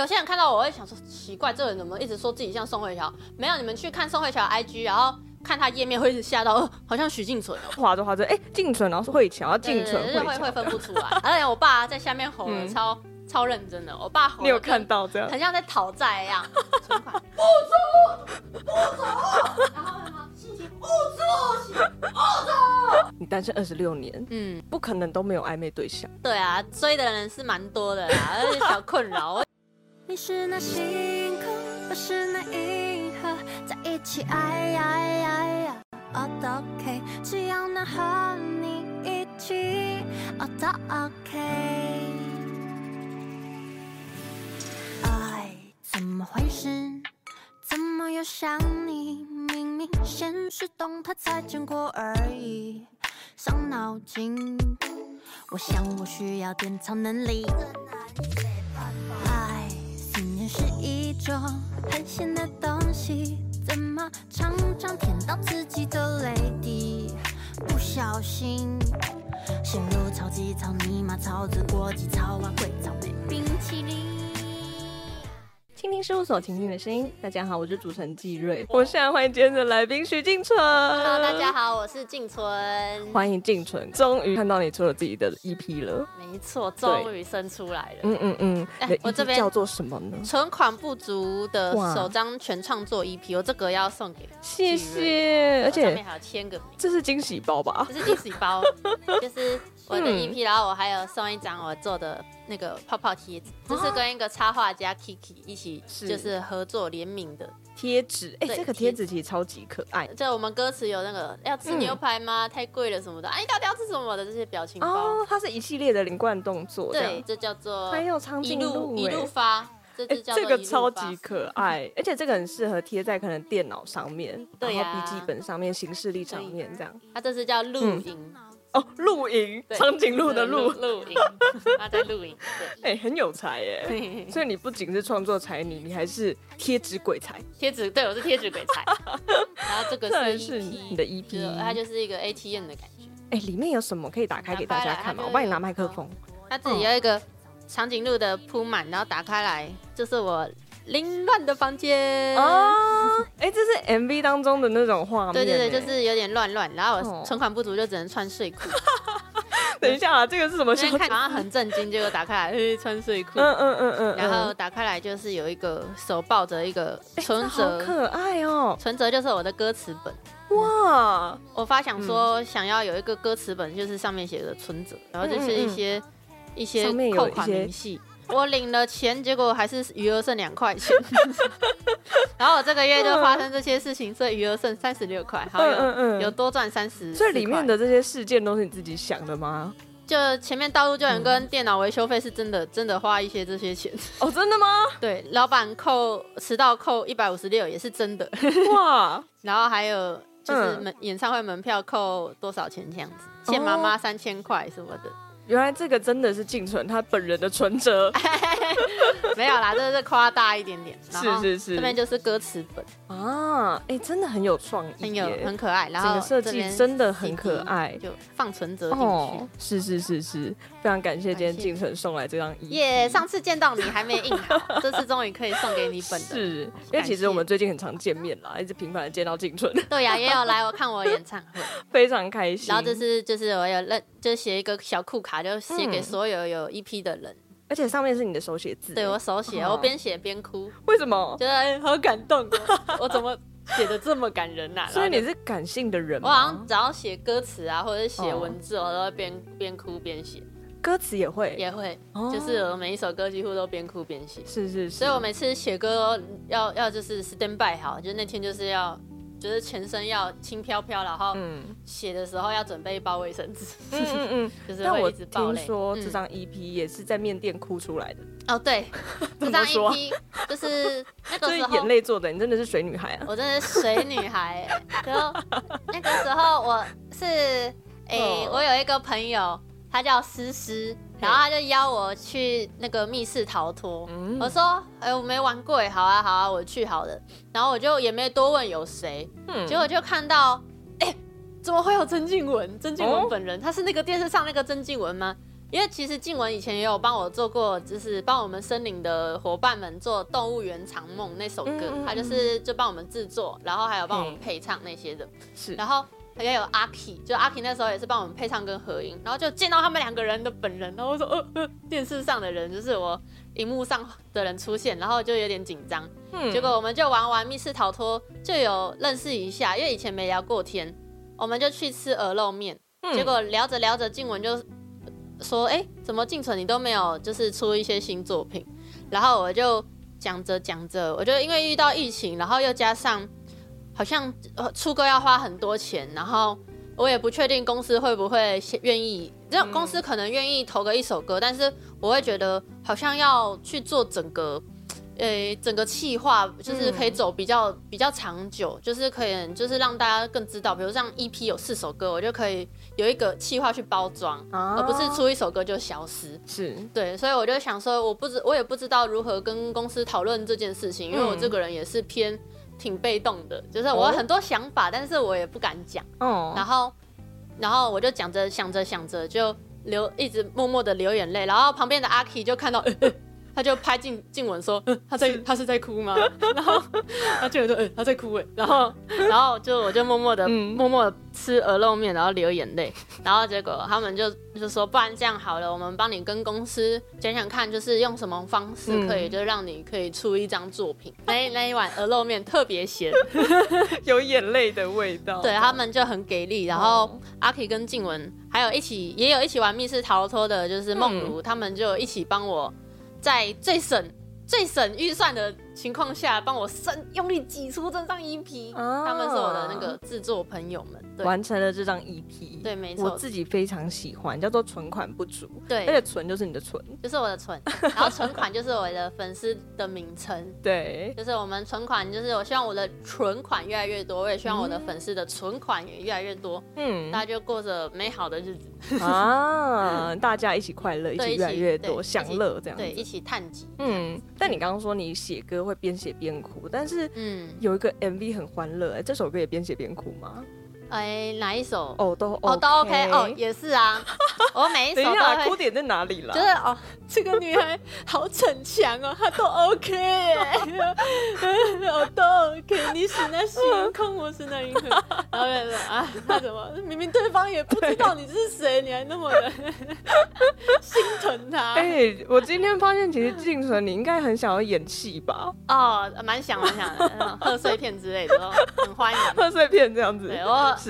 有些人看到我會想說奇怪，這個人怎麼一直說自己像宋慧喬？沒有，你們去看宋慧喬 I G，然後看他頁面會一直嚇到，呃、好像許淨淳。滑著滑著，哎、欸，淨淳，然後是慧喬，然後淨淳，對對對就是、會會分不出來。 而且我爸在下面吼了超，超、嗯、超認真的，我爸吼，你有看到這樣？很像在討債一樣，不走不走， 然後他說心情不走不走。 你單身二十六年，嗯，不可能都沒有曖昧對象。對啊，追的人是蠻多的啊，而且小困擾。 你是那星空，我是那銀河，在一起，哎呀呀呀、偶都 OK，只要能和你一起哎呀、偶都 OK。哎，怎麼回事？怎麼又想你？明明限時動態才見過而已，傷腦筋。我想我需要點超能力。這種很鹹的東西，怎麼常常舔到自己的淚滴？不小心陷入超級草泥瑪超值國際超昂貴草莓冰淇淋。青聽事務所，傾聽你的聲音。大家好，我是主持人紀瑞。我現在歡迎今天的來賓許淨淳。Hello，大家好，我是淨淳。歡迎淨淳。終於看到你出了自己的 EP 了，沒錯，終於生出來了。嗯嗯嗯，我這邊叫做什麼呢？淳款不足的首張全創作 EP，我這個要送給，謝謝，而且上面還要簽個名。這是驚喜包吧？這是驚喜包，就是我的 EP，然後我還有送一張我做的。那個泡泡貼紙，這是跟一個插畫家 Kiki 一起，就是合作聯名的貼紙。哎，這個貼紙其實超級可愛。這我們歌詞有那個要吃牛排嗎？太貴了什麼的，哎，你到底要吃什麼的這些表情包。哦，它是一系列的連貫動作。對，這叫做一路一路發。哎，這個超級可愛，而且這個很適合貼在可能電腦上面，對啊筆記本上面、行事曆上面這樣。它這是叫錄音。哦，露營，長頸鹿的鹿露營， 他在露營。哎、欸，很有才哎、欸，嘿嘿，所以你不僅是創作才女，你還是貼紙鬼才。貼紙，對，我是貼紙鬼才。 然後這個是，這是你的 EP，就它就是一個 ATM 的感覺。哎、欸，裡面有什麼可以打開給大家看嗎？我幫你拿麥克風。它自己有一個長頸鹿的鋪滿，然後打開來，就是我。凌亂的房間哦。哎、oh, 欸，這是 M V 當中的那種畫面 對對對，就是有點亂亂，然後我存款不足就只能穿睡褲。Oh. 等一下啊，這個是什麼？先看，好像很震驚， 就打開來、欸、穿睡褲、嗯。嗯嗯嗯嗯。然後打開來就是有一個手抱着一個存折，欸、好可愛哦、喔。存折就是我的歌詞本。哇 Wow.、嗯，我發想說想要有一個歌詞本，就是上面寫的存折，然後就是一些、嗯嗯、一些扣款明細。我領了錢，結果還是餘額剩兩塊錢。 然後我這個月就發生這些事情，所以餘額剩三十六塊，還有嗯嗯嗯有多賺三十。這裡面的這些事件都是你自己想的嗎？就前面道路救援跟電腦維修費是真的，嗯、真的花一些這些錢。哦，真的嗎？對，老板扣遲到扣一百五十六也是真的。哇！ 然後還有就是門、嗯、演唱會門票扣多少錢這樣子，欠媽媽三千塊什麼的。原來這個真的是淨淳他本人的存折。 沒有啦，就是誇大一點點。是是是，這邊就是歌詞本啊。哎，真的很有創意，很有很可愛。然後整個設計真的很可愛，就放存折進去。是是是是，非常感謝今天淨淳送來這張 EP。耶，上次見到你還沒印好，這次終於可以送給你本。是因為其實我們最近很常見面了，一直頻繁的見到淨淳。對呀，也有來我看我演唱會，非常開心。然後這次就是我有認，就寫一個小酷卡，就寫給所有有 EP 的人，而且上面是你的手寫字，對我手寫，哦、我邊寫邊哭，為什麼？覺得、欸、好感動，我，我怎麼寫得這麼感人啊？ 所以你是感性的人嗎？我好像只要寫歌詞啊，或者寫文字，哦、我都會邊邊哭邊寫。歌詞也會，也會，哦、就是我每一首歌幾乎都邊哭邊寫。是是是，所以我每次寫歌都要要就是 stand by 好，就那天就是要。就是全身要輕飄飄，然後寫的時候要準備一包衛生紙，嗯，嗯嗯， 就是會一直爆淚，但我聽說這張 EP、嗯、也是在面店哭出來的哦，對，這張 EP 就是那個時候，就是眼淚做的，你真的是水女孩啊！我真的是水女孩，然後 那個時候我是哎，欸 oh. 我有一個朋友，他叫思思。然後他就邀我去那個密室逃脫，嗯、我說哎我沒玩過，哎好啊好啊我去好了。然後我就也沒多問有誰，嗯、結果就看到哎怎麼會有曾靜文？曾靜文本人，哦、他是那個電視上那個曾靜文嗎？因為其實靜文以前也有幫我做過，就是幫我們森林的夥伴們做《動物園長夢》那首歌，嗯嗯，他就是就幫我們制作，然後還有幫我們配唱那些的。嗯、是，然後。好像有阿 k 就阿 k 那時候也是幫我們配唱跟和音。然後就見到他們兩個人的本人，然後我說，呃呃，電視上的人就是我熒幕上的人出現，然後就有點緊張。嗯。結果我們就玩完密室逃脫，就有認識一下，因為以前沒聊過天，我們就去吃鵝肉麵。嗯。結果聊着聊着，靜文就說，誒、欸，怎麼淨淳你都沒有就是出一些新作品？然後我就講着講着，我覺得因為遇到疫情，然後又加上。好像出歌要花很多錢，然後我也不確定公司會不會願意，這公司可能願意投個一首歌，嗯、但是我會覺得好像要去做整個，呃、欸、整個企劃，就是可以走比較比較長久，嗯、就是可以就是讓大家更知道，比如像 EP 有四首歌，我就可以有一個企劃去包裝，哦、而不是出一首歌就消失。是對，所以我就想說，我不知我也不知道如何跟公司討論這件事情，因為我這個人也是偏。嗯挺被動的，就是我有很多想法，oh? 但是我也不敢講。Oh. 然後，然後我就講着想着想着，就流一直默默的流眼淚，然後旁邊的阿 Key 就看到。 他就拍靜靜文說，他在他是在哭嗎？ 然後他就說，說、欸，他在哭哎。然後然後就我就默默的、嗯、默默吃鵝肉麵，然後流眼淚。然後結果他們就就說，不然這樣好了，我們幫你跟公司講講看，就是用什麼方式可以，嗯、就讓你可以出一張作品。那一那一碗鵝肉麵特別鹹， 有眼淚的味道。對，他們就很給力。然後、哦、阿 K 跟靜文還有一起也有一起玩密室逃脫的，就是夢如，嗯、他們就一起幫我。在最省、最省預算的情況下，幫我生，用力擠出這張 EP、哦。他們是我的那個製作朋友們，對，完成了這張 EP。對，沒錯。我自己非常喜歡，叫做“淳款不足”。對，那個“淳”就是你的淳，就是我的淳。 然後淳款就是我的粉絲的名稱。對，就是我們淳款，就是我希望我的存款越來越多，我也希望我的粉絲的存款也越來越多。嗯，大家就過着美好的日子。 啊，大家一起快樂，一起越來越多享樂，這樣子對，一起探集。嗯，但你剛剛說你寫歌會邊寫邊哭，但是嗯，有一個 MV 很歡樂。欸，這首歌也邊寫邊哭嗎？哎，哪一首？哦，都哦，都 OK，哦，也是啊。我每一首。等一下，哭點在哪裡了？就是哦，這個女孩好逞強哦，她都 OK，都 OK，你是那星空，我是那銀河。然後他說：“啊，那什麼？明明對方也不知道你是誰，你還那麼的心疼他。”哎，我今天發現，其實淨淳你應該很想要演戲吧？哦，蠻想蠻想的，賀歲片之類的，很歡迎賀歲片這樣子。對，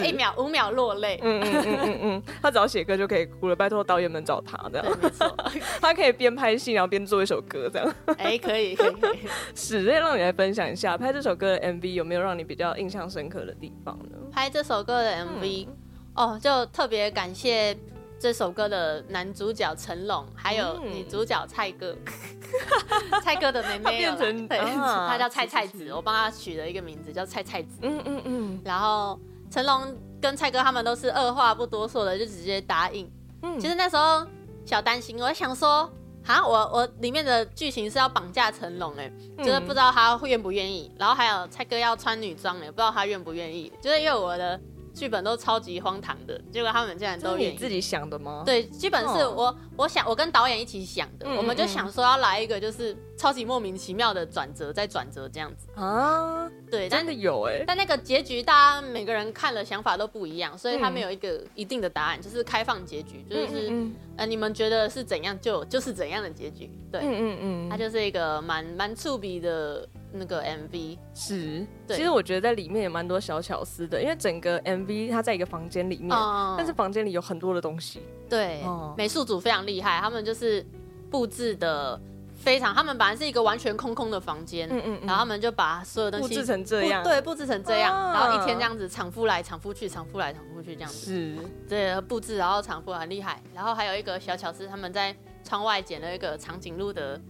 一秒五秒落淚，嗯嗯嗯嗯，他只要寫歌就可以哭了，拜托導演們找他這樣，他可以邊拍戲然後邊做一首歌這樣。哎，可以可以，是。再讓你來分享一下拍這首歌的 MV 有沒有讓你比較印象深刻的地方呢？拍這首歌的 MV 哦，就特別感謝這首歌的男主角成龍，還有女主角蔡哥，蔡哥的妹妹變成，他叫蔡菜子，我幫他取了一個名字叫蔡菜子。嗯嗯嗯，然後。成龍跟蔡哥他們都是二話不多說的，就直接答應。嗯，其實那時候小擔心，我想說，啊，我我裡面的劇情是要綁架成龍，欸，誒、嗯，就是不知道他會願不願意。然後還有蔡哥要穿女裝，哎，不知道他願不願意。就是因為我的劇本都超級荒唐的，結果他們竟然都願意。你自己想的嗎？對，劇本是我，oh. 我想我跟導演一起想的，嗯嗯嗯，我們就想說要來一個就是。超級莫名其妙的轉折，在轉折這樣子啊，對，真的有哎、欸。但那個結局，大家每個人看了想法都不一樣，所以它沒有一個一定的答案，嗯、就是開放結局，嗯嗯嗯就是呃，你們覺得是怎樣就就是怎樣的結局。對，嗯嗯嗯，它就是一個蠻蠻觸筆的那個 MV。是，對其實我覺得在裡面也蠻多小巧思的，因為整個 MV 它在一個房間裡面，嗯、但是房間裡有很多的東西。對，嗯、美術組非常厲害，他們就是布置的。非常，他們本來是一個完全空空的房間，嗯，嗯嗯，然後他們就把所有東西布置成這樣，對，布置成這樣，啊、然後一天這樣子，重複來，重複去，重複來，重複去，這樣子是，對，布置，然後重複很厲害，然後還有一個小巧思，他們在窗外撿了一個長頸鹿的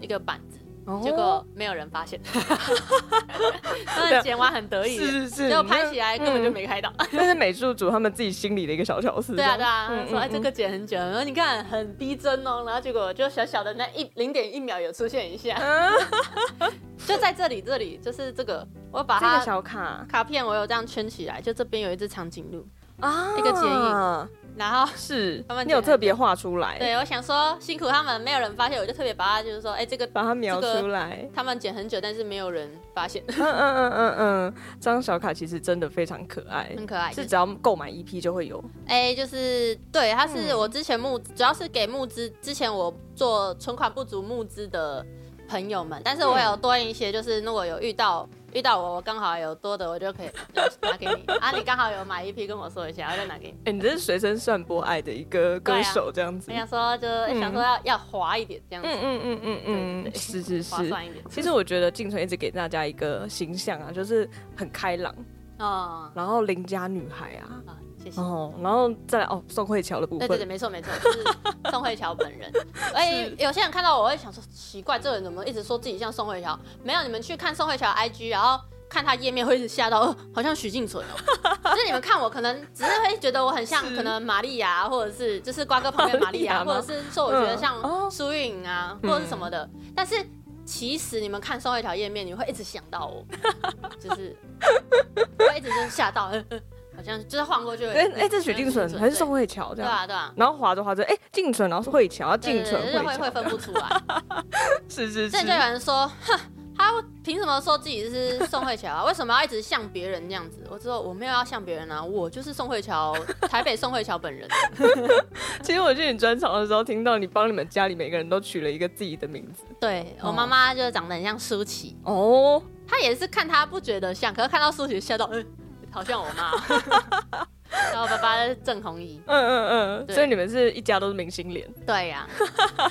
一個板子。結果沒有人發現，哈哈剪完很得意，是是是，結果拍起來根本就沒拍到，那、嗯、 是美術組他們自己心裡的一個小巧事。對啊對啊，嗯嗯嗯、哎，這個剪很久，然後你看很逼真哦，然後結果就小小的那一零點一秒有出現一下，嗯、 就在這裡這裡，就是這個，我把它這個小卡卡片我有這樣圈起來，就這邊有一隻長頸鹿，啊、一個剪影。啊然後是他們，你有特別畫出來？對，我想說辛苦他們，沒有人發現，我就特別把它就是說，哎、欸，這個把它描出來、這個。他們剪很久，但是沒有人發現。嗯嗯嗯嗯嗯，這、嗯、張、嗯嗯嗯、小卡其實真的非常可愛，很可愛。是只要購買 EP 就會有。哎、欸，就是對，它是我之前募，嗯、主要是給募資之前我做淳款不足募資的朋友們，但是我有多一些，就是如果有遇到。遇到我，我剛好有多的，我就可以拿給你 啊！你剛好有買一批，跟我說一下，我再拿給你。哎、欸，你這是隨身散播愛的一個歌手這樣子。你、啊、想說就，就、嗯、想說要要劃一點這樣子。嗯嗯嗯嗯對對對是是是，划算一點是是。其實我覺得淨淳一直給大家一個形象啊，就是很開朗哦。嗯、然後鄰家女孩啊。嗯謝謝哦，然後再來哦，宋慧喬的故事。對對對，沒錯沒錯，就是宋慧喬本人。哎，有些人看到我會想說奇怪，這個人怎麼一直說自己像宋慧喬？沒有，你們去看宋慧喬的 IG，然後看她頁面會一直嚇到，哦、好像許淨淳哦。 就是你們看我，可能只是會覺得我很像可能瑪麗亞，或者是就是瓜哥旁邊瑪麗亞， 麗或者是說我覺得像蘇韻、 嗯、啊，哦、或者是什麼的。但是其實你們看宋慧喬頁面，你會一直想到我，就是 我會一直就是嚇到。呵呵好像就是晃過去，哎哎，這是許淨淳還是宋慧喬這樣？對啊對啊。然後滑着滑着，哎，淨淳，然後是慧喬，然後淨淳慧喬，會會分不出來。是是是。這就有人說，哼，他憑什麼說自己是宋慧喬啊？為什麼要一直像別人那樣子？我知道我沒有要像別人啊，我就是宋慧喬，台北宋慧喬本人。其實我去你專場的時候，聽到你幫你們家裡每個人都取了一個自己的名字。對，我媽媽就是長得很像舒淇哦，她也是看她不覺得像，可是看到舒淇嚇到，嗯。好像我媽， 然後我爸爸鄭弘儀，嗯嗯嗯，對所以你們是一家都是明星臉，對呀、啊。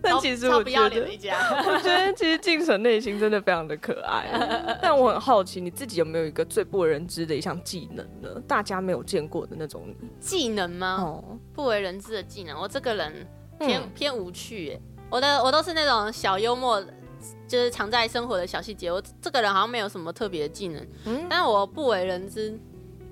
但其實我不要臉的一家。我覺得其實淨淳內心真的非常的可愛、啊。 但我很好奇，你自己有沒有一個最不為人知的一項技能呢？大家沒有見過的那種技能嗎？哦，不為人知的技能。我這個人偏、嗯、偏無趣、欸，我的我都是那種小幽默。就是藏在生活的小細節。我這個人好像沒有什麼特別的技能，嗯、但是我不為人知。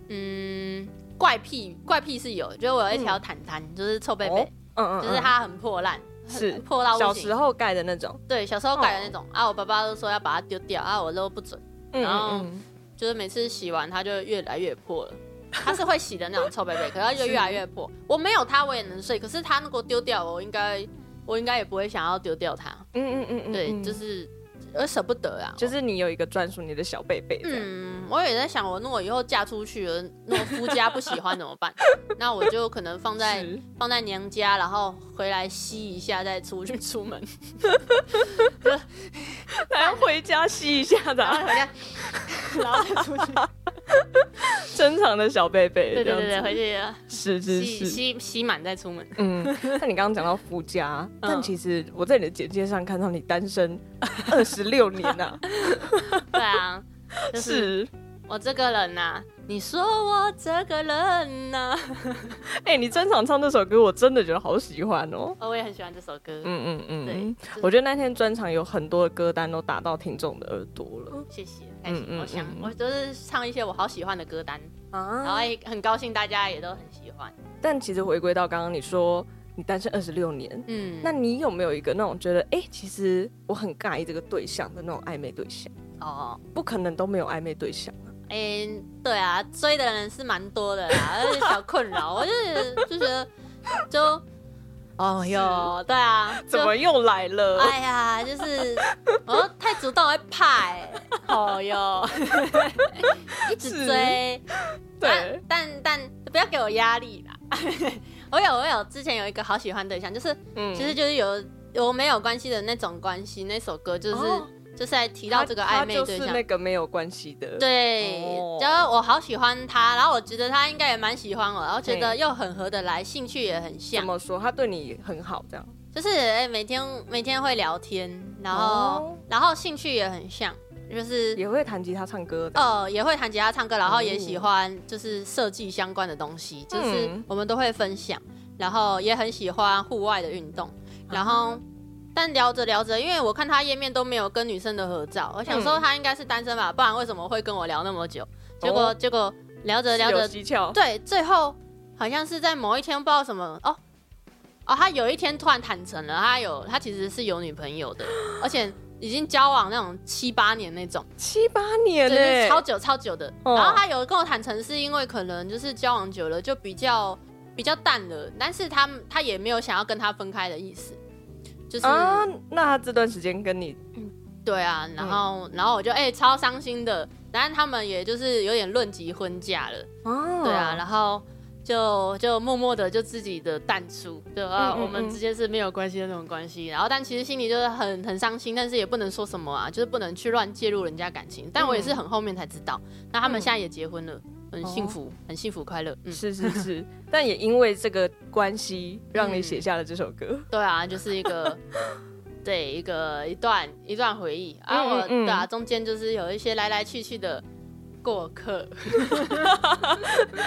嗯，怪癖怪癖是有，就是我有一條毯毯，嗯、就是臭貝貝、哦，嗯嗯，就是它很破爛，是很破爛。小時候蓋的那種。對，小時候蓋的那種。哦、啊，我爸爸都說要把它丟掉，啊，我都不准。然後嗯嗯嗯就是每次洗完它就越來越破了，它 是會洗的那種臭貝貝，可是它就越來越破。是我沒有它我也能睡，可是它如果丟掉我，我應該。我應該也不會想要丟掉它，嗯，嗯嗯嗯嗯，對，就是我捨不得啊，就是你有一個專屬你的小貝貝，嗯，我也在想，我如果以後嫁出去了，那夫家不喜歡怎麼辦？ 那我就可能放在是放在娘家，然後回來吸一下再出去出門，還要 回家吸一下的，啊、然後，然後再出去。 正常的小貝貝，對對對，回去洗洗洗滿再出門。嗯，但 你剛剛講到富家，嗯、但其實我在你的簡介上看到你單身二十六年了、啊。 對啊，就是。是我這個人吶、啊，你說我這個人吶、啊，哎、 欸，你專場唱這首歌，我真的覺得好喜歡哦。哦，我也很喜歡這首歌。嗯嗯嗯，對，就是、我覺得那天專場有很多的歌單都打到聽眾的耳朵了。嗯、謝謝，嗯嗯，嗯，嗯我想我都是唱一些我好喜歡的歌單啊，然後也很高興大家也都很喜歡。但其實回歸到剛剛你說你單身二十六年，嗯，那你有沒有一個那種覺得哎、欸，其實我很尬意這個對象的那種曖昧對象？哦，不可能都沒有曖昧對象。哎、欸，對啊，追的人是蠻多的啦，有、就、點、是、小困擾。 我就就覺得，就，哦喲，對啊，怎麼又來了？哎呀，就是我、哦、太主動會怕、欸，哎，哦喲， 一直追，直啊、對，但但不要給我壓力啦。 我有我有，之前有一個好喜歡對象，就是，嗯、其實就是有有沒有關係的那種關係，那首歌就是。哦就是還提到這個曖昧對象，就是那個沒有關係的。對，然後、oh. 我好喜歡他，然後我覺得他應該也蠻喜歡我，然後覺得又很合得來，Hey. 興趣也很像。怎麼說？他對你很好，這樣？就是、欸、每天每天會聊天，然後、oh. 然後興趣也很像，就是也會彈吉他唱歌的。的、呃，也會彈吉他唱歌，然後也喜歡就是設計相關的東西，mm hmm. 就是我們都會分享，然後也很喜歡戶外的運動，然後。Mm hmm. 但聊着聊着，因為我看他頁面都沒有跟女生的合照，我想說他應該是單身吧，嗯、不然為什麼會跟我聊那麼久？結果、哦、結果聊着聊着，對，最後好像是在某一天不知道什麼哦哦，他有一天突然坦誠了，他有他其實是有女朋友的，而且已經交往那種七八年那種七八年對，就是、超久超久的。哦、然後他有跟我坦誠，是因為可能就是交往久了就比較比較淡了，但是他他也沒有想要跟他分開的意思。就是、啊，那他這段時間跟你、嗯，對啊，然後，嗯、然後我就哎、欸、超傷心的，但是他們也就是有點論及婚嫁了，哦、對啊，然後。就就默默的就自己的淡出，對啊，嗯嗯嗯，我們之間是沒有關係的那種關係。然後，但其實心裡就是很很傷心，但是也不能說什麼啊，就是不能去亂介入人家感情。但我也是很後面才知道，嗯、那他們現在也結婚了，很幸福，哦、很幸福快樂。嗯、是是是， 但也因為這個關係，讓你寫下了這首歌、嗯。對啊，就是一個， 對一個一段一段回憶嗯嗯嗯，啊我，對啊，中間就是有一些來來去去的，過客，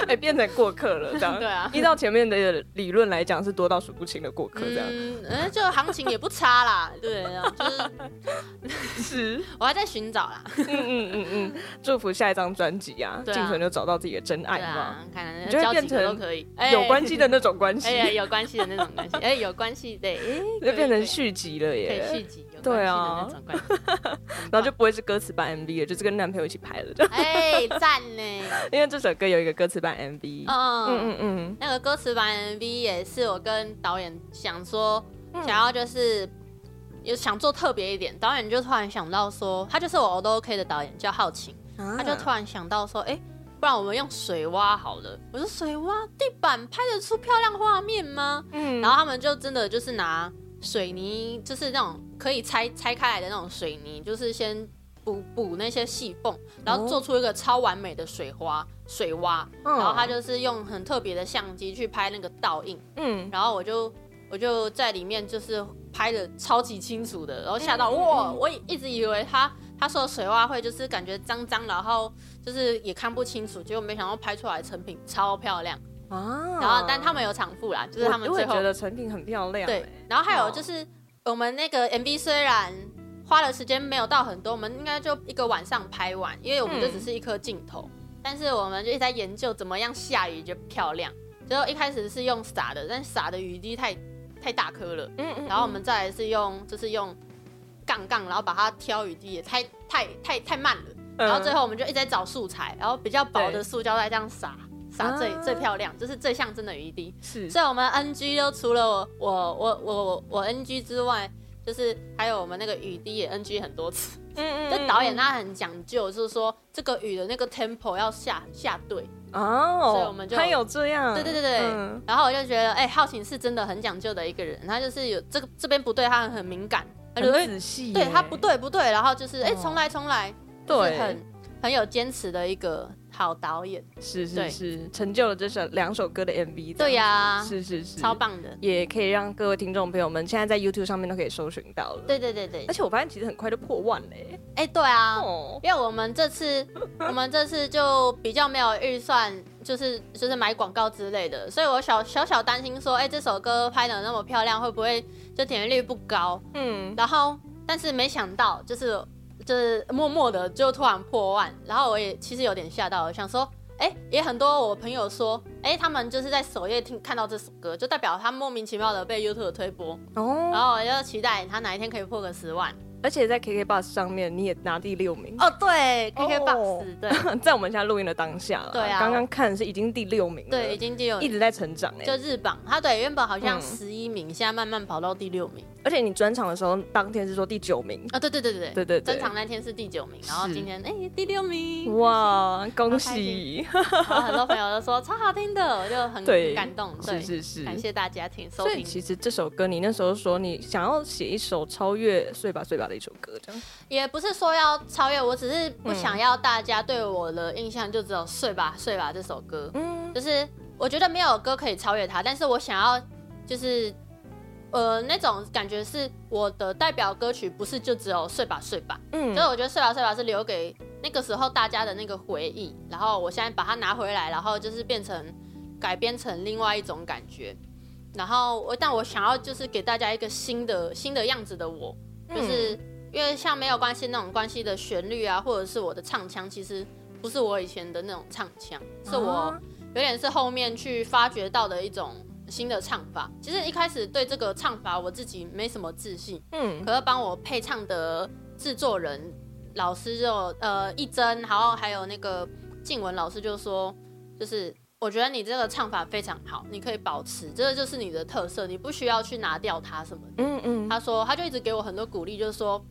哎、 欸，變成過客了，這樣。對啊。依照前面的理論來講，是多到數不清的過客，這樣。嗯，哎、欸，就行情也不差啦， 對啊。就是。是 我還在尋找啦。 嗯嗯嗯嗯。祝福下一張專輯啊，淨淳、啊、就找到自己的真愛嘛。對啊，可能可。就會變成有關係的那種關係。哎、欸欸、有關係的那種關係。哎、 欸，有關係對，哎、欸，就變成續集了耶。可以續集。對啊， 然後就不會是歌詞版 MV 了，就是跟男朋友一起拍的，哎，贊呢！因為這首歌有一個歌詞版 MV，嗯嗯嗯，嗯嗯那個歌詞版 MV 也是我跟導演想說，嗯、想要就是有想做特別一點，導演就突然想到說，他就是我偶都 OK 的導演叫浩晴，啊、他就突然想到說，哎、欸，不然我們用水窪好了。我說水窪地板拍得出漂亮畫面嗎？嗯，然後他們就真的就是拿。水泥就是那種可以拆拆開來的那種水泥，就是先補補那些細縫，然後做出一個超完美的水花、水窪，哦、然後他就是用很特別的相機去拍那個倒影，嗯，然後我就我就在裡面就是拍的超級清楚的，然後嚇到，哇，我一一直以為他他說水窪會就是感覺髒髒，然後就是也看不清楚，結果沒想到拍出來成品超漂亮。啊，然後但他們有場佈啦，就是他們最後我覺得成品很漂亮欸。對，然後還有就是我們那個 MV 雖然花的時間沒有到很多，我們應該就一個晚上拍完，因為我們就只是一顆鏡頭。嗯。但是我們就一直在研究怎麼樣下雨就漂亮。最後一開始是用撒的，但撒的雨滴太太大顆了。嗯，嗯嗯。然後我們再來是用就是用槓槓，然後把它挑雨滴也太太太太慢了。然後最後我們就一直在找素材，然後比較薄的塑膠袋這樣撒。對打最、啊、最漂亮，就是最像真的雨滴。是，所以我們 NG 都除了我我我我我 NG 之外，就是還有我們那個雨滴也 NG 很多次。嗯嗯。就導演他很講究，就是說這個雨的那個 tempo 要下下對。哦。所以我們就。還有這樣。對對對對。嗯、然後我就覺得，哎、欸，浩奇是真的很講究的一個人。他就是有這個這邊不對，他很很敏感，很仔細、欸。對他不對不對，然後就是哎、欸，重來重來。對、哦。很很有堅持的一個。好導演是是是，對成就了這首兩首歌的 MV。對呀、啊，是是是，超棒的，也可以讓各位聽眾朋友們現在在 YouTube 上面都可以搜尋到了。對對對對，而且我發現其實很快就破萬嘞。哎，欸、對啊，哦、因為我們這次我們這次就比較沒有預算、就是，就是就是買廣告之類的，所以我小小小擔心說，哎、欸，這首歌拍的那麼漂亮，會不會就點擊率不高？嗯，然後但是沒想到就是。是默默的，就突然破萬，然後我也其實有點嚇到，想說，哎、欸，也很多我朋友說，哎、欸，他們就是在首頁聽看到這首歌，就代表他莫名其妙的被 YouTube 推播，然後我就期待他哪一天可以破個十萬。而且在 KKBOX 上面，你也拿第六名哦。對，KKBOX 對，在我們現在錄音的當下，對啊，剛剛看是已經第六名了。對，已經第六名，一直在成長哎。就日榜，他對原本好像十一名，現在慢慢跑到第六名。而且你專場的時候，當天是說第九名啊。對對對對對對，專場那天是第九名，然後今天哎第六名。哇，恭喜！然後很多朋友都說超好聽的，我就很感動。是是是，感謝大家收聽。所以其實這首歌，你那時候說你想要寫一首超越《碎吧睡吧》。的一首歌，這樣也不是說要超越，我只是不想要大家對我的印象、嗯、就只有《碎吧，睡吧》這首歌。嗯，就是我覺得沒有歌可以超越它，但是我想要就是呃那種感覺是我的代表歌曲，不是就只有《碎吧，睡吧》。嗯，所以我覺得《碎吧，睡吧》是留給那個時候大家的那個回憶，然後我現在把它拿回來，然後就是變成改編成另外一種感覺，然後我但我想要就是給大家一個新的新的樣子的我。就是因為像沒有關係那種關係的旋律啊，或者是我的唱腔，其實不是我以前的那種唱腔，uh huh. 是我有點是後面去發掘到的一種新的唱法。其實一開始對這個唱法我自己沒什麼自信，嗯、uh，huh. 可是幫我配唱的制作人老師就呃一真，然後還有那個靜文老師就說，就是。我覺得你這個唱法非常好，你可以保持，這個就是你的特色，你不需要去拿掉它什麼的。嗯嗯。嗯他說，他就一直給我很多鼓勵，就是說，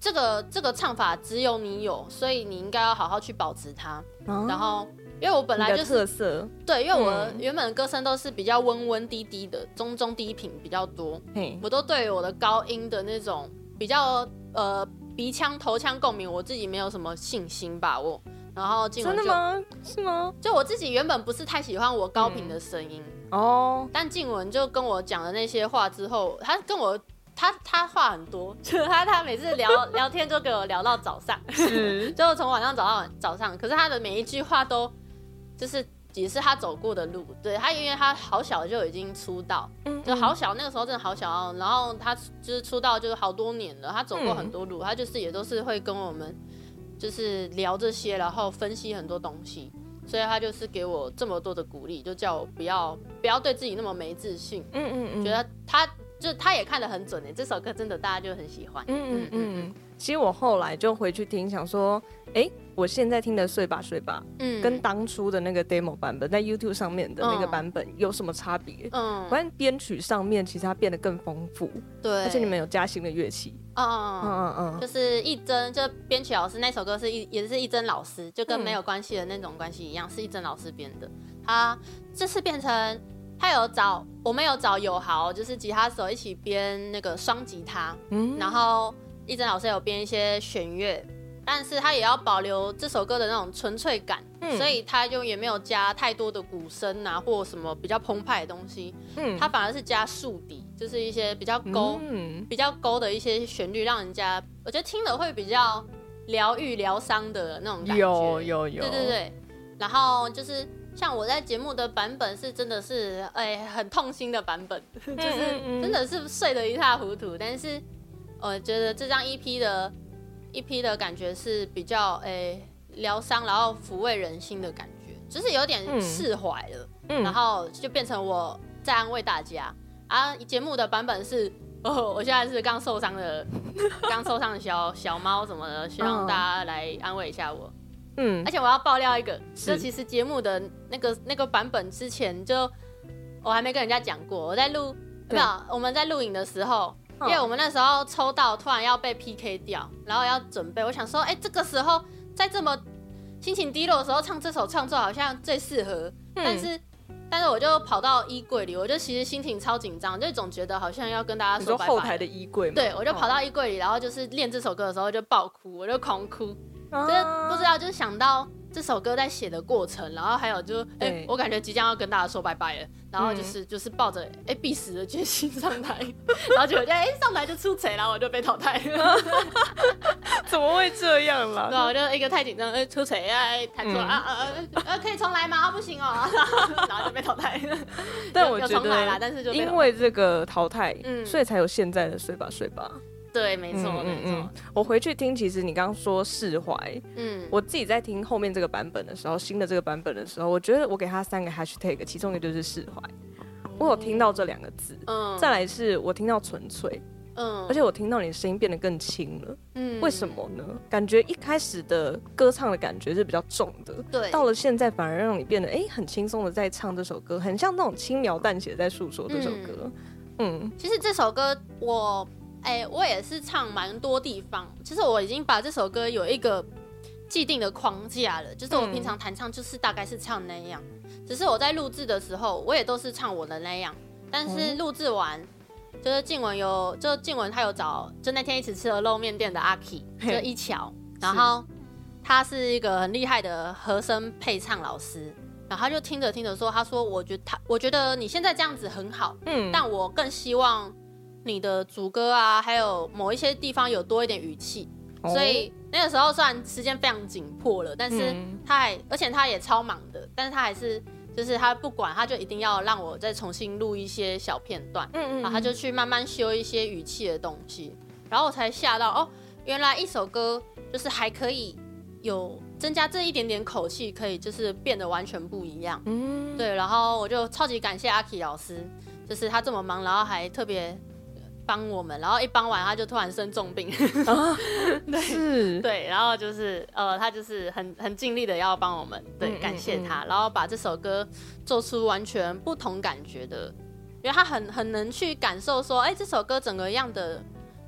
這個這個唱法只有你有，所以你應該要好好去保持它。嗯、然後，因為我本來就是特色。對，因為我原本的歌聲都是比較溫溫低低的，嗯、中中低頻比較多。嘿。我都對我的高音的那種比較呃鼻腔頭腔共鳴，我自己沒有什麼信心把握。然後靜文就，真的嗎？是嗎？就我自己原本不是太喜歡我高頻的聲音哦，嗯 oh. 但靜文就跟我講了那些話之後，他跟我他他話很多，就他他每次聊 聊天都跟我聊到早上，是 就從晚上找到早上。可是他的每一句話都，就是也是他走過的路，對，他因為他好小就已經出道，就好小那個時候真的好小哦。然後他就是出道就是好多年了，他走過很多路，嗯、他就是也都是會跟我們。就是聊這些，然後分析很多東西，所以他就是給我這麼多的鼓勵，就叫我不要不要對自己那麼沒自信。嗯嗯嗯，覺得他就他也看得很準誒，這首歌真的大家就很喜歡。嗯，嗯嗯嗯。嗯嗯嗯其實我後來就回去聽，想說，哎、欸，我現在聽的碎吧睡吧，嗯，跟當初的那個 demo 版本在 YouTube 上面的那個版本，嗯、有什麼差別？嗯，關鍵編曲上面其實它變得更豐富，對，而且你們有加新的樂器。哦哦哦就是一真，就編曲老師那首歌是一，也是一真老師，就跟沒有關係的那種關係一樣，嗯、是一真老師編的。他這次變成，他有找我們有找友豪，就是吉他手一起編那個雙吉他，嗯、然後一真老師有編一些弦樂。但是他也要保留這首歌的那種純粹感，嗯、所以他就也沒有加太多的鼓聲啊或什麼比較澎湃的東西，嗯，他反而是加豎笛，就是一些比較勾、嗯、比較勾的一些旋律，讓人家我覺得聽了會比較療癒、療傷的那種感覺。有有有，有有對對對。然後就是像我在節目的版本是真的是哎、欸、很痛心的版本，就是真的是睡得一塌糊塗。但是我覺得這張 EP 的。EP 的感覺是比較誒療傷，然後撫慰人心的感覺，就是有點釋懷了，嗯、然後就變成我在安慰大家、嗯、啊。節目的版本是，哦，我現在是剛受傷的，剛 受傷的小小貓什麼的，希望大家來安慰一下我。嗯，而且我要爆料一個，這是其實節目的那個那個版本之前就我還沒跟人家講過，我在錄沒有，我們在錄影的時候。因為我們那時候抽到突然要被 PK 掉，然後要準備，我想說，哎、欸，這個時候在這麼心情低落的時候唱這首創作好像最適合，嗯、但是但是我就跑到衣櫃裡，我就其實心情超緊張，就總覺得好像要跟大家說拜拜。你說後台的衣櫃，對，我就跑到衣櫃裡，然後就是練這首歌的時候就爆哭，我就狂哭，就、嗯、是不知道就是想到。這首歌在寫的過程，然後還有就哎、欸，我感覺即將要跟大家說拜拜了，然後就是、嗯、就是抱着哎、欸、必死的決心上台，然後結果就哎、欸、上台就出槌，然後我就被淘汰 怎麼會這樣啦？對，我就一個太緊張，哎、欸、出槌，哎彈錯啊、嗯、啊，呃、啊啊啊啊啊、可以重來嗎？啊、不行哦， 然後就被淘汰了。但我就重來啦，但是就因為這個淘汰，嗯、所以才有現在的碎吧睡吧。對，沒錯，沒錯。我回去聽，其實你剛剛說釋懷，嗯，我自己在聽後面這個版本的時候，新的這個版本的時候，我覺得我給他三個 hashtag，其中一個就是釋懷，嗯、我有聽到這兩個字。嗯，再來是，我聽到純粹，嗯，而且我聽到你的聲音變得更輕了，嗯，為什麼呢？感覺一開始的歌唱的感覺是比較重的，對，到了現在反而讓你變得哎、欸、很輕鬆的在唱這首歌，很像那種輕描淡寫在訴說這首歌。嗯，嗯其實這首歌我。哎、欸，我也是唱蠻多地方。其、就、實、是、我已經把這首歌有一個既定的框架了，就是我平常彈唱就是大概是唱那樣。只是我在錄製的時候，我也都是唱我的那樣。但是錄製完，嗯、就是淨淳有，就淨淳她有找，就那天一起吃了肉麵店的阿 k 就一橋。 是然後他是一個很厲害的和聲配唱老師，然後他就聽着聽着說，他說：“我覺得他，我覺得你現在這樣子很好，嗯，但我更希望。”你的主歌啊，還有某一些地方有多一點語氣，oh. 所以那個時候雖然時間非常緊迫了，但是他還，嗯、而且他也超忙的，但是他還是，就是他不管，他就一定要讓我再重新錄一些小片段，嗯嗯，然後他就去慢慢修一些語氣的東西，然後我才嚇到，哦，原來一首歌就是還可以有增加這一點點口氣，可以就是變得完全不一樣，嗯，對，然後我就超級感謝阿 K 老師，就是他這麼忙，然後還特別。幫我們，然後一幫完他就突然生重病， 哦、對是對，然後就是呃，他就是很很盡力的要幫我們，對，感謝他，嗯嗯嗯然後把這首歌做出完全不同感覺的，因為他很很能去感受說，哎，這首歌怎麼樣的。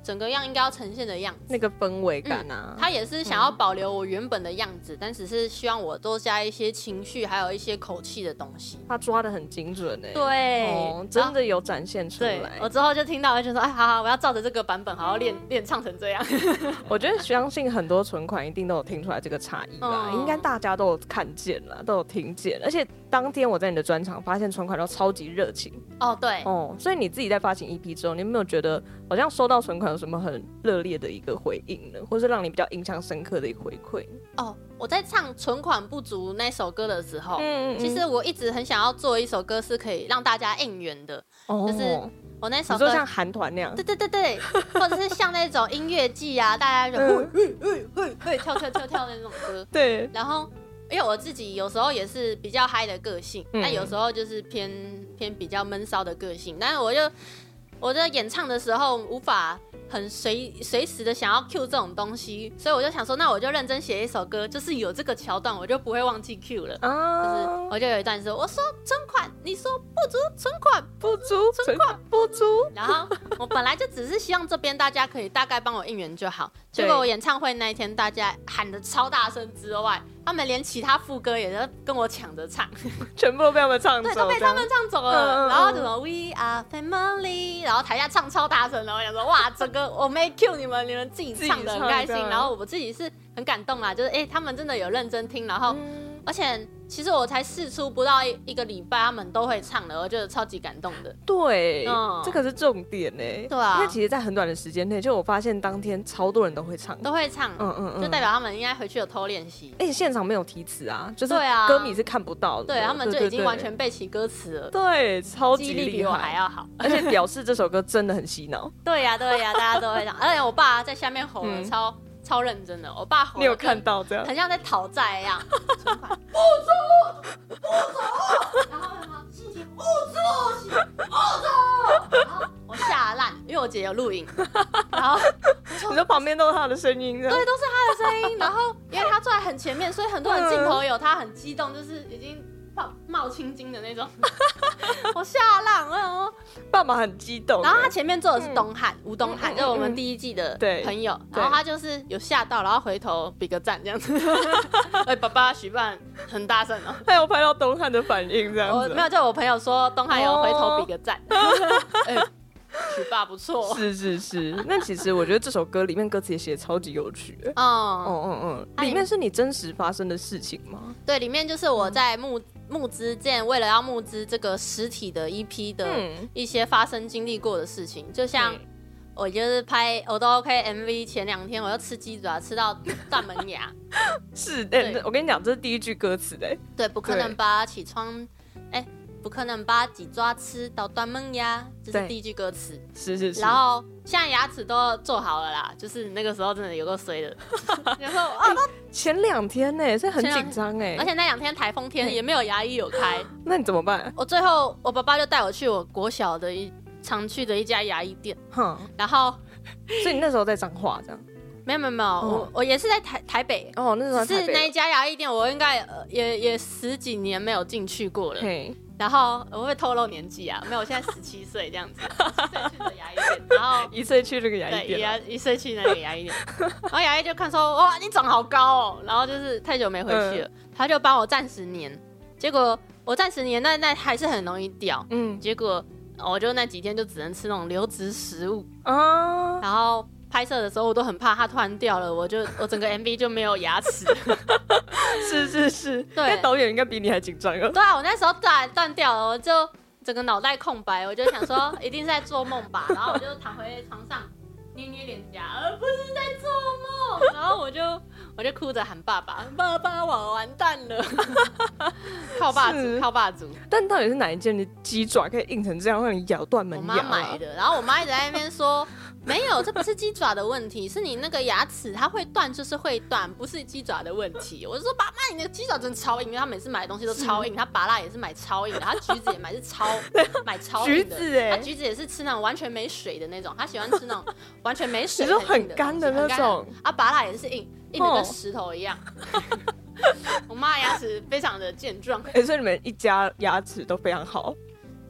整個樣應該要呈現的樣子，那個氛圍感啊、嗯，他也是想要保留我原本的樣子，嗯、但只是希望我多加一些情緒，還有一些口氣的東西。他抓得很精準哎、欸，對、哦，真的有展現出來。我之後就聽到，我就說，哎，好好，我要照着這個版本好好練練，練唱成這樣。 我覺得相信很多淳款一定都有聽出來這個差異吧，嗯、應該大家都有看見了，都有聽見，而且。當天我在你的專場發現存款都超級熱情哦、oh, 對，對哦，所以你自己在發行 EP 之後，你有沒有覺得好像收到存款有什麼很熱烈的一個回應呢，或是讓你比較印象深刻的一個回饋？哦，oh, 我在唱《淳款不足》那首歌的時候，嗯嗯，其實我一直很想要做一首歌是可以讓大家應援的，哦，oh, 就是我那首歌像韓團那樣，對對對對，或者是像那種音樂祭啊， 大家嘿嘿嘿嘿跳跳跳跳的那種歌， 對，然後。因為我自己有時候也是比較嗨的個性，那、嗯、有時候就是偏偏比較悶騷的個性。但是我就我在演唱的時候無法很隨隨時的想要 cue 這種東西，所以我就想說，那我就認真寫一首歌，就是有這個橋段，我就不會忘記 cue 了。就、哦、是我就有一段說我說存款，你說不足，存款不足，存款不足出、嗯。然後我本來就只是希望這邊大家可以大概幫我應援就好。對結果我演唱會那一天，大家喊得超大聲之外，他們連其他副歌也都跟我搶着唱，全部被他們唱走。 對，都被他們唱走了。樣然後怎麼、oh. We are family，然後台下唱超大聲，然後講說哇，整個我沒 Q 你們， 你們自己唱的很開心。然後我自己是很感動啊，就是哎、欸，他們真的有認真聽，然後。嗯而且其實我才試出不到一一個禮拜，他們都會唱的，我覺得超級感動的。對，這個是重點呢？對啊，因為其實在很短的時間內，就我發現當天超多人都會唱，都會唱，嗯嗯，就代表他們應該回去有偷練習。而且現場沒有提詞啊，就是歌迷是看不到的，對，他們就已經完全背起歌詞了。對，超級厲害，記憶力比我還要好。而且表示這首歌真的很洗腦。對呀對呀，大家都會唱。而且我爸在下面吼了超。超認真的，我爸你有看到這樣，很像在討債一樣，不走 款不走，不走 然後什麼心情不，不走不走， 然後我嚇爛，因為我姐，姐有錄影， 然後你說旁邊都是他的聲音，對，都是他的聲音， 然後因為他坐在很前面，所以很多人鏡頭有他很激動，就是已經。冒青筋的那種，我嚇浪，我有。爸爸很激動，然後他前面坐的是東漢吳東漢，就我們第一季的對朋友，然後他就是有嚇到，然後回頭比個讚這樣子。哎，爸爸許爸，很大聲哦，他有拍到東漢的反應這樣。沒有，就我朋友說東漢有回頭比個讚。哎，許爸不錯，是是是。那其實我覺得這首歌裡面歌詞也寫超級有趣。哦哦哦哦，裡面是你真實發生的事情嗎？對，裡面就是我在木。募資這樣，為了要募資這個實體的 EP 的一些發生經歷過的事情，嗯、就像我就是拍偶都 OK MV 前兩天，我就吃雞爪吃到斷門牙， 是，欸、對我跟你講，這是第一句歌詞的、欸，對，不可能把它起床，哎對。欸不可能把雞爪吃到斷門牙，這是第一句歌詞。是是是，然後現在牙齒都做好了啦，就是那個時候真的有夠衰的。 然後 啊，前兩天呢，所以很緊張哎。而且那兩天台風天對也沒有牙醫有開。 那你怎麼辦、啊？我最後我爸爸就帶我去我國小的一常去的一家牙醫店。哼。 然後，所以你那時候在彰化這樣？ 沒有沒有沒有，哦、我我也是在台台北。哦，那時候台北。是那一家牙醫店，我應該、呃、也也十幾年沒有進去過了。Okay. 然後我會透露年紀啊，沒有，我現在十七歲這樣子，十七 歲去的牙醫院然後一歲去那個牙醫店，對，一一歲去那個牙醫店，然後牙醫就看說，哇，你長好高哦，然後就是太久沒回去了，嗯、他就幫我暫時粘，結果我暫時粘，那那還是很容易掉，嗯，結果我就那幾天就只能吃那種流質食物啊，嗯、然後。拍攝的時候我都很怕它突然掉了，我就我整個 MV 就沒有牙齒。 是是是，對，導演應該比你還緊張。對啊，我那時候斷斷掉了，我就整個腦袋空白，我就想說 一定是在做夢吧，然後我就躺回床上 捏捏臉頰，而不是在做夢。然後我就我就哭着喊爸爸，爸爸，我完蛋了。 靠爸族，是靠爸族！但到底是哪一件的雞爪可以硬成這樣讓你咬斷門牙啊？我媽買的，然後我媽一直在那邊說。 沒有，這不是雞爪的問題，是你那個牙齒，它會斷就是會斷，不是雞爪的問題。我是說，爸媽，你那個雞爪真的超硬，因為他每次買的東西都超硬，嗎他芭樂也是買超硬的，他橘子也買是超 買超硬的，橘子，啊、橘子也是吃那種完全沒水的那種，他喜歡吃那種完全沒水就很， 很乾的那種。很很啊，芭樂也是硬，硬得跟石頭一樣。 我媽的牙齒非常的健壯、欸，所以你們一家牙齒都非常好。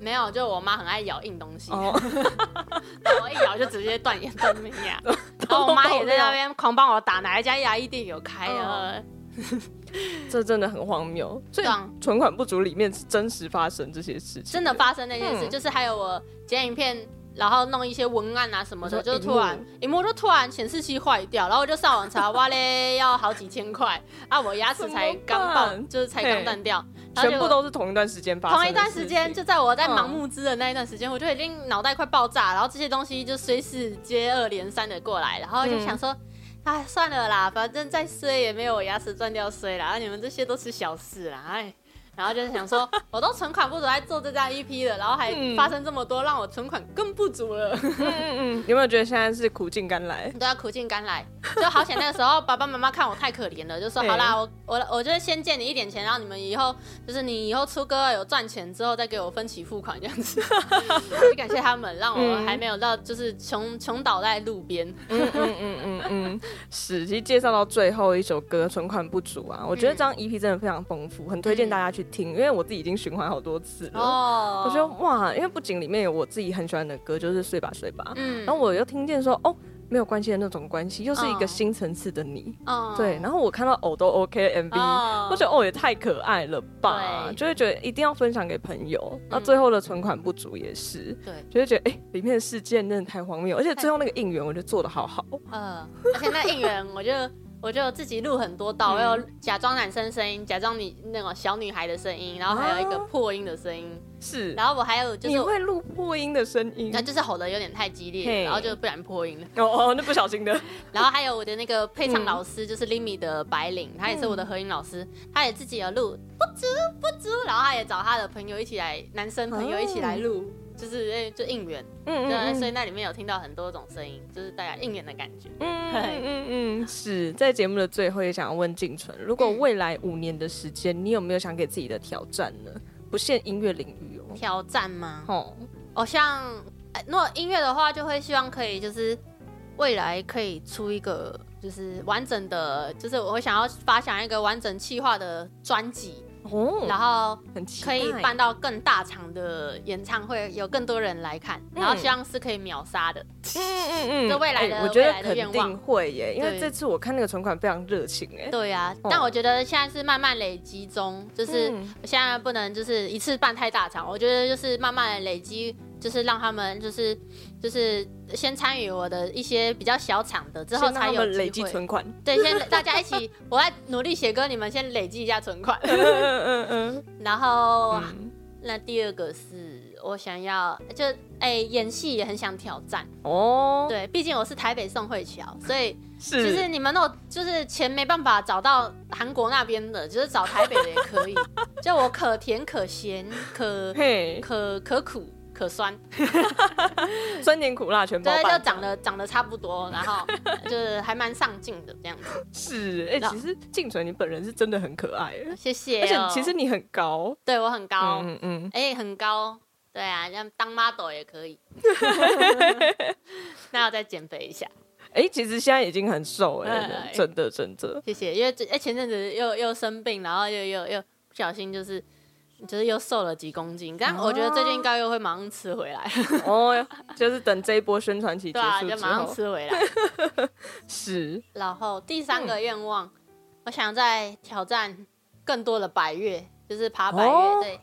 沒有，就我媽很愛咬硬東西，我、oh. 一咬就直接斷牙，斷命呀、啊。 都然後我媽也在那邊狂幫我打， 哪一家牙醫店有開了、啊？Oh. 這真的很荒謬。所以淳款不足裡面是真實發生這些事情，真的發生那件事，嗯、就是還有我剪影片，然後弄一些文案啊什麼的，說就是突然，一摸樂就突然顯示器壞掉，然後我就上網查， 哇嘞，要好幾千塊 啊！我牙齒才剛斷，就是才剛斷掉，嘿全部都是同一段時間發生的。同一段時間，就在我在忙募資的那一段時間，嗯、我就已經腦袋快爆炸，然後這些東西就隨時接二連三的過來，然後我就想說，哎、嗯啊，算了啦，反正再衰也沒有我牙齒斷掉衰啦。然後你們這些都是小事啦，哎。 然後就是想說，我都存款不足來做這張 EP 了，然後還發生這麼多，嗯、讓我存款更不足了。嗯嗯、 有沒有覺得現在是苦盡甘來？對、啊、苦盡甘來， 就好險那個時候爸爸媽媽看我太可憐了，就說、欸、好啦，我我我就先借你一點錢，然後你們以後就是你以後出歌有賺錢之後再給我分期付款這樣子。很、 啊、感謝他們，讓我還沒有到就是窮窮、嗯、倒在路邊 嗯。嗯嗯嗯嗯。是，其實介紹到最後一首歌，存款不足啊，嗯、我覺得這張 EP 真的非常豐富，很推薦大家去、嗯。聽，因為我自己已經循環好多次了。Oh. 我覺得哇，因為不僅裡面有我自己很喜歡的歌，就是碎吧睡吧。嗯。然後我又聽見說，哦，沒有關係的那種關係，又是一個新層次的你。哦。Oh. 對。然後我看到偶、哦、都 OK MV，oh. 我覺得偶、哦、也太可愛了吧，對就會覺得一定要分享給朋友。那對最後的淳款不足也是。對、嗯。就會覺得哎、欸，裡面的事件真的太荒謬，對而且最後那個應援我就做得做的好好。嗯、呃。而且那應援，我覺得。 我就自己錄很多道，嗯、我有假裝男生聲音，假裝你那種小女孩的聲音，然後還有一個破音的聲音、啊，是。然後我還有就是我你會錄破音的聲音，那就是吼的有點太激烈，Hey 然後就不然破音了。哦哦，那不小心的。 然後還有我的那個配唱老師，嗯、就是 Limi 的白領，他也是我的合音老師，他也自己有錄，不足不足。然後他也找他的朋友一起來，男生朋友一起來錄。哦就是哎、欸，就應援，嗯，嗯，嗯，對，所以那裡面有聽到很多種聲音，就是大家應援的感覺，嗯，嗯嗯，對是在節目的最後也想要問淨淳，如果未來五年的時間，你有沒有想給自己的挑戰呢？不限音樂領域哦、喔。挑戰嗎？哦，哦，像、欸、如果音樂的話，就會希望可以就是未來可以出一個就是完整的，就是我會想要發想一個完整企劃的專輯。哦，然後可以辦到更大場的演唱會，有更多人來看，嗯、然後希望是可以秒殺的。嗯嗯嗯，就未來的我、欸、未來的願望，我覺得肯定會耶，對因為這次我看那個淳款非常熱情哎。對啊，哦、但我覺得現在是慢慢累積中，就是現在不能就是一次辦太大場，我覺得就是慢慢的累積。就是讓他們就是就是先參與我的一些比較小場的，之後才有累積存款。對，先大家一起，我在努力寫歌，你們先累積一下存款。嗯嗯然後，那第二個是我想要，就哎，演戲也很想挑戰哦。對，畢竟我是台北宋慧喬，所以是就是你們那種，就是錢沒辦法找到韓國那邊的，就是找台北的也可以。就我可甜可鹹可可可苦。可酸，酸甜苦辣全部。對，就長得長得差不多，然後就是還蠻上進的這樣子。是，哎，其實淨淳你本人是真的很可愛。謝謝。而且其實你很高，對我很高，嗯嗯，哎，很高，對啊，像當 model 也可以。那我再減肥一下。哎，其實現在已經很瘦哎，真的真的。謝謝，因為哎前陣子又又生病，然後又又又不小心就是。就是又瘦了幾公斤，但我覺得最近應該又會馬上吃回來。嗯、哦， 就是等這一波宣傳期結束之後、對啊、就馬上吃回來。 是。然後第三個願望，嗯、我想再挑戰更多的百岳，就是爬百岳、哦、對，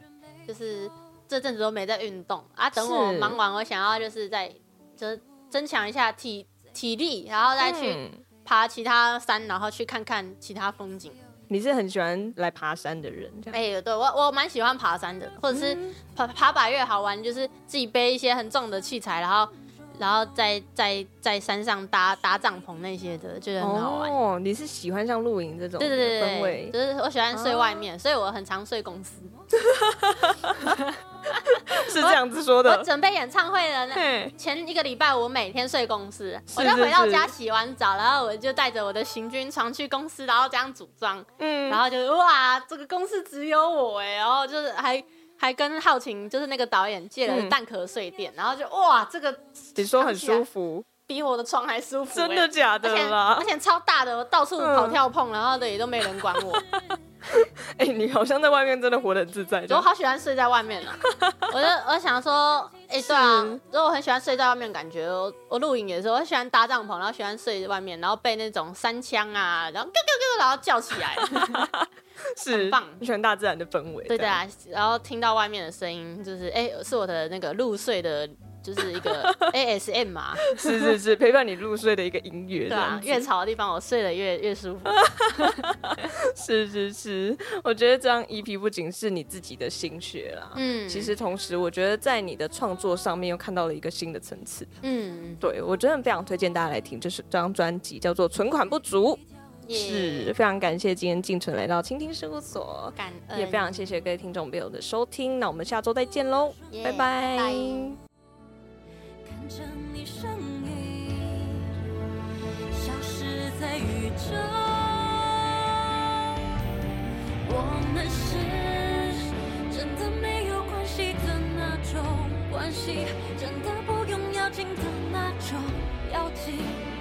就是這陣子都沒在運動啊，等我忙完，我想要就是再，是就是增強一下體體力，然後再去爬其他山，然後去看看其他風景。你是很喜歡來爬山的人？哎、欸，對，我我蠻喜歡爬山的，或者是爬、嗯、爬百岳好玩，就是自己背一些很重的器材，然後然後在在在山上搭搭帳篷那些的，就是、很好玩。哦，你是喜歡像露營這種？對，對對對，氛圍、就是我喜歡睡外面，啊、所以我很常睡公司。 是這樣子說的。我準備演唱會的呢，嘿前一個禮拜，我每天睡公司。是是是，我就回到家洗完澡，是是，然後我就帶着我的行軍床去公司，然後這樣組裝。嗯、然後就哇，這個公司只有我哎，然後就是還還跟浩晴，就是那個導演借了蛋殼睡墊，嗯、然後就哇，這個你說很舒服。比我的床還舒服、欸，真的假的啦，而且？而且超大的，我到處跑跳碰，嗯、然後的也都沒人管我。哎、 欸，你好像在外面真的活得自在的，我好喜歡睡在外面啊！ 我就我想說，哎、欸，對啊，就是我很喜歡睡在外面的感覺。我我露營也是，我很喜歡搭帳篷，然後喜歡睡在外面，然後被那種山羌啊，然後咯咯咯，然後叫起來， 是，很棒，喜歡大自然的氛圍。對的啊，然後聽到外面的聲音，就是哎、欸，是我的那個入睡的。就是一個 ASM 嘛， 是是是，陪伴你入睡的一個音樂。對啊，越吵的地方，我睡得越越舒服。 是是是，我覺得這張 EP 不僅是你自己的心血啦，嗯，其實同時我覺得在你的創作上面又看到了一個新的層次。嗯，對我真的非常推薦大家來聽，就是這張專輯叫做《存款不足》，耶是非常感謝今天淨淳來到青聽事務所，感恩也非常謝謝各位聽眾朋友的收聽，那我們下週再見嘍，耶拜拜。拜拜看著你身影消失在宇宙。我們是真的沒有關係的那種關係，真的不用要緊的那種要緊。